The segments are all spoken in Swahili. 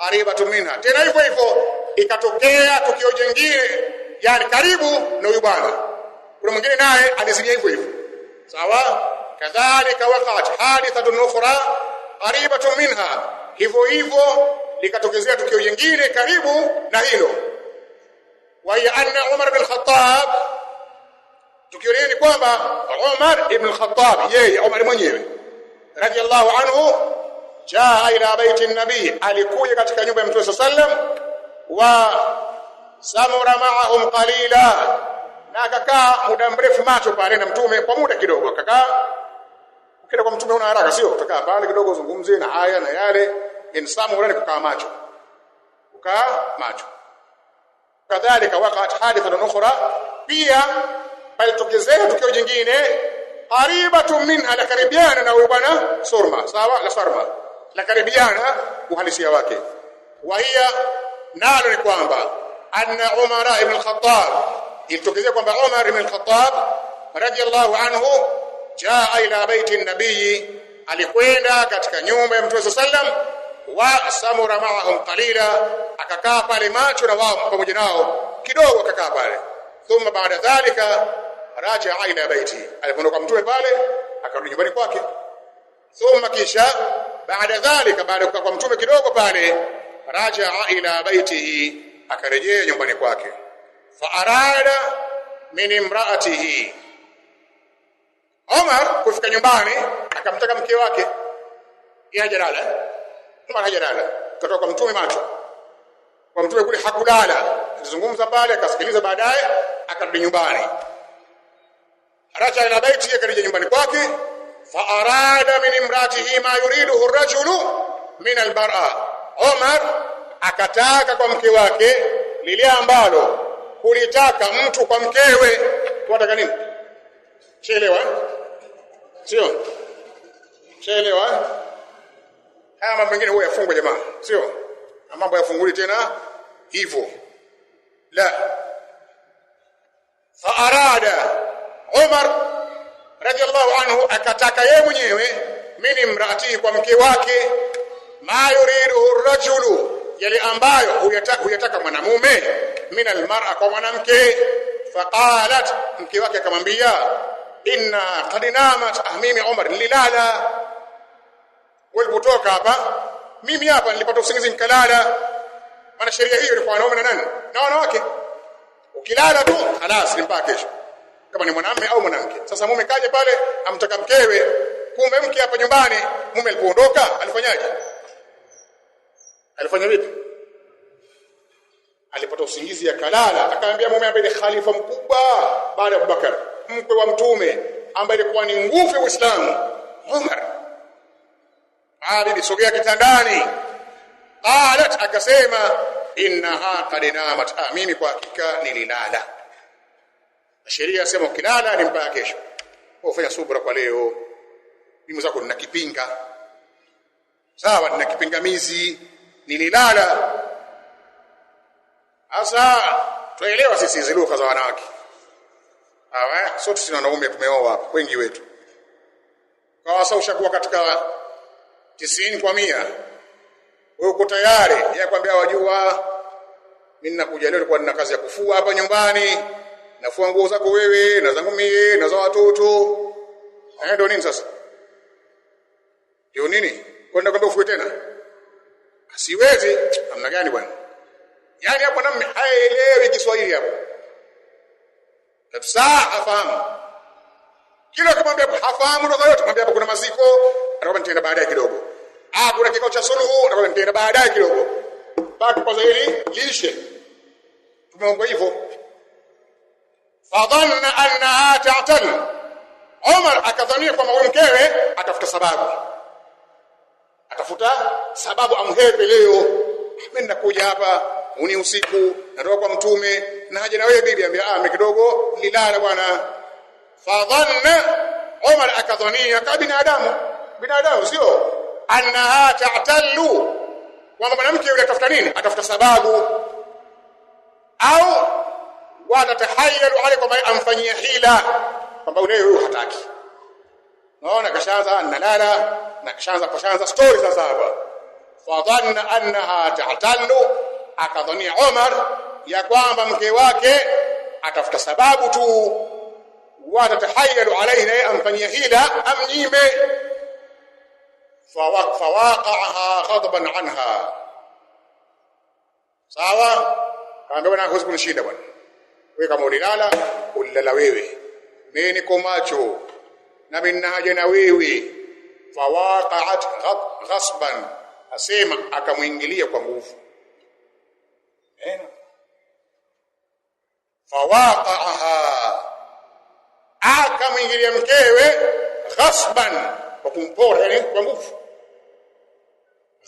qaribatun Tena hivyo hivyo ikatokea tukio jingine, yani karibu na huyu bwana, kuna mwingine naye alizidia hivyo hivyo. Sawa, kadhalika wakat hadithatun ukhra qaribatun minha, hivyo hivyo likatokezea tukio jingine karibu na hilo. Wa hiya anna Umar bin Khattab, tukio ni kwamba Umar ibn Khattab, yeye Umar mwenyewe radiyallahu anhu jaa ila baiti nabii alikuja katika nyumba ya mtume sallam wa samura ma'ahum qalila na akakaa muda mrefu macho pale na mtume kwa muda kidogo akakaa kile kwa mtume una haraka sio utakaa pale kidogo zungumzie na haya na yale in samura ni kukaa macho kukaa macho kadhalika waqat hadithatun ukhra pia palitokezea tukio jingine qaribatun min anakaribiana na huyo bwana surma sawa la sarma na karibiana uhalisia wake wa hiya nalo ni kwamba anna Umar ibn al-Khattab ilitokezea kwamba Umar ibn al-Khattab radiyallahu anhu jaa ila baiti nabii alikwenda katika nyumba ya Mtume sallam wa samura ma'ahum qalila akakaa pale macho na wao pamoja nao kidogo akakaa pale thumma baada dhalika raja ila baiti alipoondoka mtume pale akarudi nyumbani kwake thumma kisha baada dhalika baada ya kwa mtume kidogo pale rajaa ila baitihi akarejea nyumbani kwake fa arada min imraatihi Omar kufika nyumbani akamtaka mke wake Hajarala Omar hajarala kutoka kwa mtume macho kwa mtume kule hakulala alizungumza pale akasikiliza baadaye akarudi nyumbani raja ila baitihi, akarejea nyumbani kwake faarada min imratihi ma yuriduhu rajulu min albara. Omar akataka kwa mke wake lile ambalo kulitaka mtu kwa mkewe. kwataka nini? chelewa sio? chelewa haya mambo mengine huwa yafungwa jamaa, sio mambo yafunguli tena hivyo la arada Omar radhiallahu anhu akataka yeye mwenyewe mini mraatihi kwa mke wake ma yuridu rajulu yale ambayo huyataka, huyataka mwanamume min almar'a kwa mwanamke faqalat mke wake akamwambia inna qad namat ahmimi umar nililala walipotoka hapa mimi hapa nilipata usingizi nikalala maana sheria hiyo ilikuwa wanaume na nani na wanawake ukilala tu halas ni mpaka kesho kama ni mwanamume au mwanamke. Sasa mume kaja pale amtaka mkewe, kumbe mke hapa nyumbani, mume alipoondoka alifanyaje? Alifanya vipi? Alipata usingizi akalala, akaambia mume ambaye ni khalifa mkubwa baada ya Abubakar, mkwe wa mtume ambaye alikuwa ni nguvu ya Uislamu, Umar. Ali ah, sogea kitandani. Qalat akasema innaha qad namat, ah, mimi kwa hakika nililala. Sheria yasema ukilala ni mpaka kesho. ufanya subra kwa leo. Mimi zako nina kipinga. Sawa, nina kipingamizi. Nililala. Asa tuelewa sisi hizi lugha za wanawake. Awa, sote eh? sina wanaume tumeoa wengi wetu. Kwa sasa ushakuwa katika tisini kwa mia wewe uko tayari ya kwambia wajua mimi nakuja leo nilikuwa nina kazi ya kufua hapa nyumbani nafua nguo zako wewe na zangu mie na za watoto. Eh, ndio nini sasa? Ndio nini? Kwenda kwenda ufue tena? Siwezi. Namna gani bwana? Yaani hapo namna haelewi Kiswahili hapo. Kabisa afahamu. Kila ukimwambia hafahamu ndio yote, mwambia hapo kuna maziko, atakwambia nitaenda baadaye kidogo. Ah, kuna kikao cha suluhu, atakwambia nitaenda baadaye kidogo. Baki kwanza hili lishe. Tumeongwa hivyo fadhanna annaha ta'tal Umar akadhania kwamba huyu mkewe atafuta sababu atafuta sababu amhepe leo mimi nakuja hapa uni usiku natoka kwa mtume na haja na wewe bibi ambia ah kidogo nilala bwana fadhanna Umar akadhania kama binadamu binadamu sio annaha ta'talu kwamba mwanamke yule atafuta nini atafuta sababu au watatahayyalu alayhi kwamba amfanyia hila kwamba unaye huyu hataki naona kashaanza nalala na kashaanza kashaanza story sasa hapa fadhanna annaha ta'talu akadhania Omar ya kwamba mke wake atafuta sababu tu watatahayalu alayhi naye amfanyia hila amnyime fawaqaha ghadaban anha sawa kaambia bwana husikuni shida bwana We kama ulilala ulilala wewe mimi niko macho na mimi na wewe fawaqa'at ghasban asema akamuingilia kwa nguvu ena eh? fawaqa'aha akamuingilia mkewe ghasban kwa kumpora yani kwa nguvu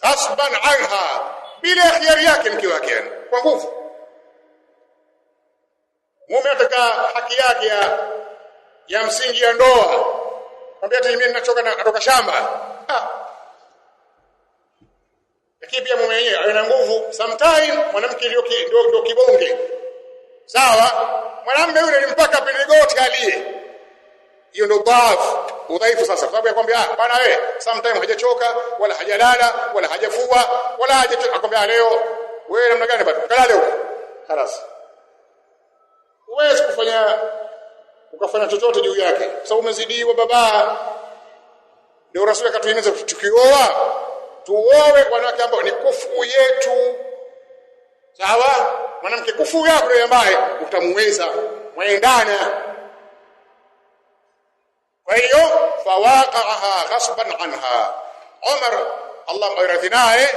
ghasban anha bila khiari yake mke wake yani kwa nguvu mume ataka haki yake ya, ya msingi ya ndoa mwambie ati mimi ninachoka na atoka shamba lakini pia mume yeye ana nguvu sometimes mwanamke ndio ndio kibonge sawa mwanamume yule ni mpaka piligoti alie hiyo ndio bafu udhaifu sasa sababu ya kwambia ah bana wewe sometimes hajachoka wala hajalala wala hajafua wala hajachoka akwambia ah, leo wewe namna gani bado kalale huko خلاص huwezi kufanya ukafanya chochote juu yake kwa sababu umezidiwa baba ndio rasuli akatuhimiza tukioa tuoe wanawake ambao ni kufu yetu sawa mwanamke kufu yako ndio ambaye utamuweza mwaendana kwa hiyo fawaqaha ghasban anha Umar Allah mairadhi naye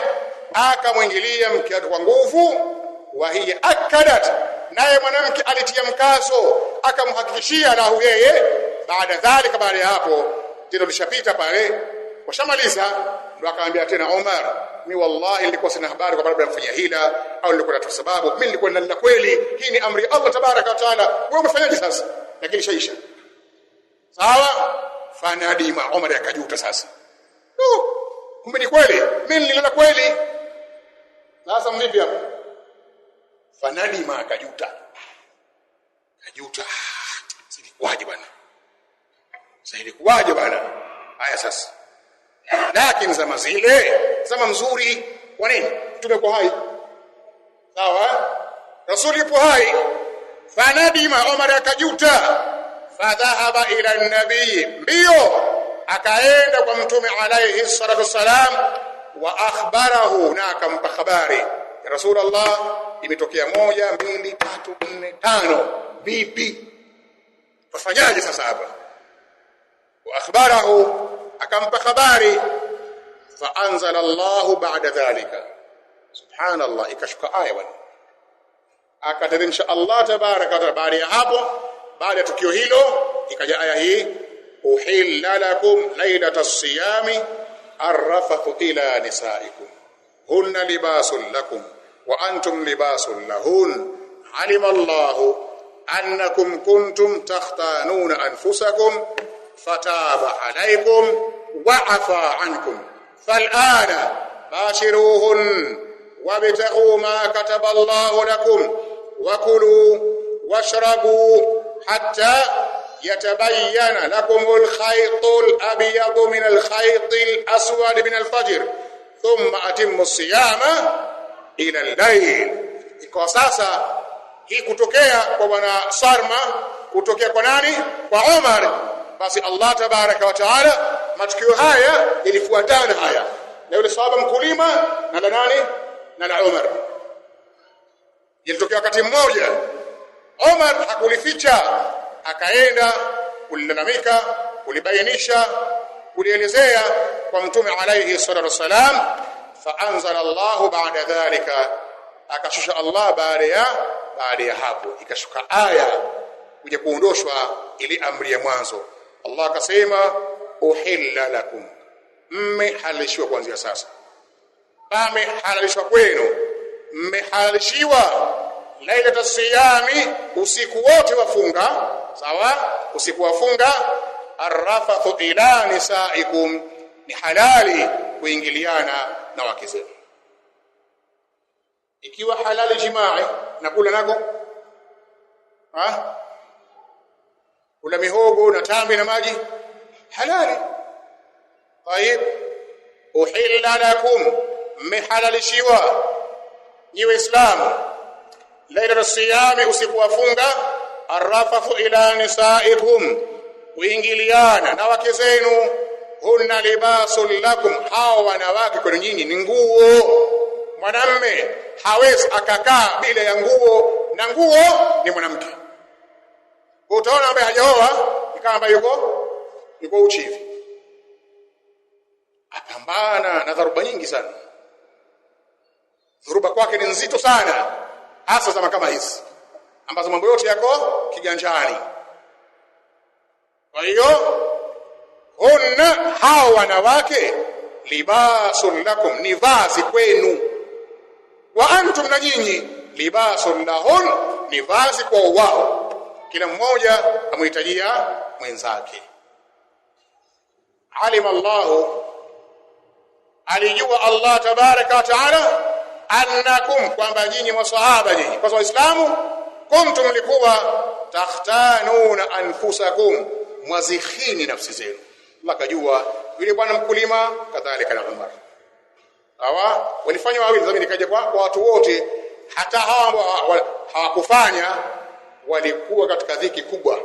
akamwingilia mke wake kwa nguvu wa hiya akadat naye mwanamke alitia mkazo akamhakikishia lahu yeye. Baada dhalika, baada ya hapo tendo lishapita pale, washamaliza ndo akaambia tena Omar, mi wallahi nilikuwa sina habari sababu ya nafanya hila au nilikuwa na sababu. Mimi nilikuwa nalala kweli, hii ni amri ya Allah tabaraka wa taala. Wewe umefanyaje sasa? Lakini shaisha sawa. Fanadima Omar akajuta sasa, oh, kumbe ni kweli, mimi nililala kweli. Sasa mvipi hapo? fanadima akajuta kajuta silikuwaje bwana silikuwaje bwana haya sasa lakini zama zile zama mzuri kwa nini tumekuwa hai sawa eh? rasuli yupo hai fanadima omar akajuta fadhahaba ila nabii mbio akaenda kwa mtume alayhi salatu wassalam wa akhbarahu na akampa habari rasulullah imetokea moja, mbili, tatu, nne, tano. Vipi tufanyaje sasa hapa? wa akhbarahu, akampa habari. Fa anzala Allahu ba'da dhalika, subhanallah, ikashuka aya bwana, akateremsha Allah tabaraka wa Baada ya hapo, baada ya tukio hilo, ikaja aya hii uhilla lakum lailata siyami arrafathu ila nisaikum hunna libasun lakum وأنتم لباس لهن علم الله أنكم كنتم تختانون أنفسكم فتاب عليكم وعفى عنكم فالآن باشروهن وابتغوا ما كتب الله لكم وكلوا واشربوا حتى يتبين لكم الخيط الأبيض من الخيط الأسود من الفجر ثم أتموا الصيام ila al-layl ikawa sasa hii kutokea kwa bwana Sarma kutokea kwa nani kwa Omar basi Allah tabaraka wa taala matukio haya yalifuatana haya na yule sahaba mkulima na na nani na na Omar yalitokea wakati mmoja Omar hakulificha akaenda kulilalamika kulibainisha kulielezea kwa mtume alayhi salatu wasalam fa anzala Allah baada dhalika, akashusha Allah baada ya baada ya hapo, ikashuka aya kuja kuondoshwa ile amri ya mwanzo. Allah akasema uhilla lakum, mmehalalishiwa kuanzia sasa, pamehalalishwa kwenu, mmehalalishiwa lailata siyami, usiku wote wafunga, sawa, usiku wafunga. Arrafathu ila nisaikum, ni halali kuingiliana na wake zenu ikiwa halali jimai na kula nako ha kula mihogo na tambi na maji halali tayib uhilla lakum mmehalalishiwa ni waislamu laila siyami usiku wafunga ila nisaikum kuingiliana na wake zenu hunna libasun lakum, hawa wanawake kwenu nyinyi ni nguo. Mwanamme hawezi akakaa bila ya nguo, na nguo ni mwanamke. Utaona ambaye hajaoa ni kama ambaye yuko yuko uchi hivi, apambana na dharuba nyingi sana. Dhuruba kwake ni nzito sana, hasa zama kama hizi ambazo mambo yote yako kiganjani. Kwa hiyo hunna, hao wanawake libasun lakum, ni vazi kwenu, wa antum, na nyinyi libasun lahun, ni vazi kwa wao. Kila mmoja amhitajia mwenzake. Alima llahu alijua Allah tabaraka wa taala, annakum, kwamba nyinyi maswahaba, nyinyi kwa Waislamu, kuntum, likuwa takhtanuna anfusakum, mwazihini nafsi zenu Allah kajua yule bwana mkulima kadhalika na Umar hawa walifanya wawili zamani kaja kwa, watu wote hata hawa ambao hawakufanya walikuwa katika dhiki kubwa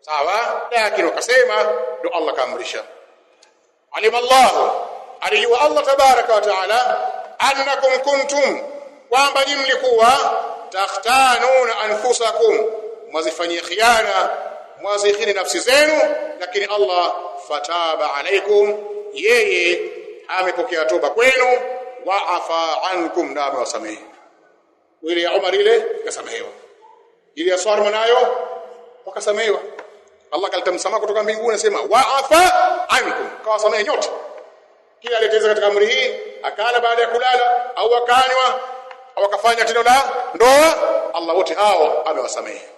sawa lakini wakasema ndo Allah kaamrisha alimallahu alijua Allah tabaraka wa taala annakum kuntum kwamba ni mlikuwa takhtanuna anfusakum mwazifanyia khiana mwazikhini nafsi zenu lakini Allah fataba alaikum, yeye amepokea toba kwenu, wa afa ankum, na amewasamehe. Ile ya Umar ile ikasamehewa, ile ya manayo nayo wakasamehewa. Allah kaleta msamaha kutoka mbinguni, anasema wa afa ankum, kawasamehe nyote kila aliyeteza katika amri hii akala baada ya kulala au akanywa au akafanya tendo la ndoa, Allah wote hao amewasamehe.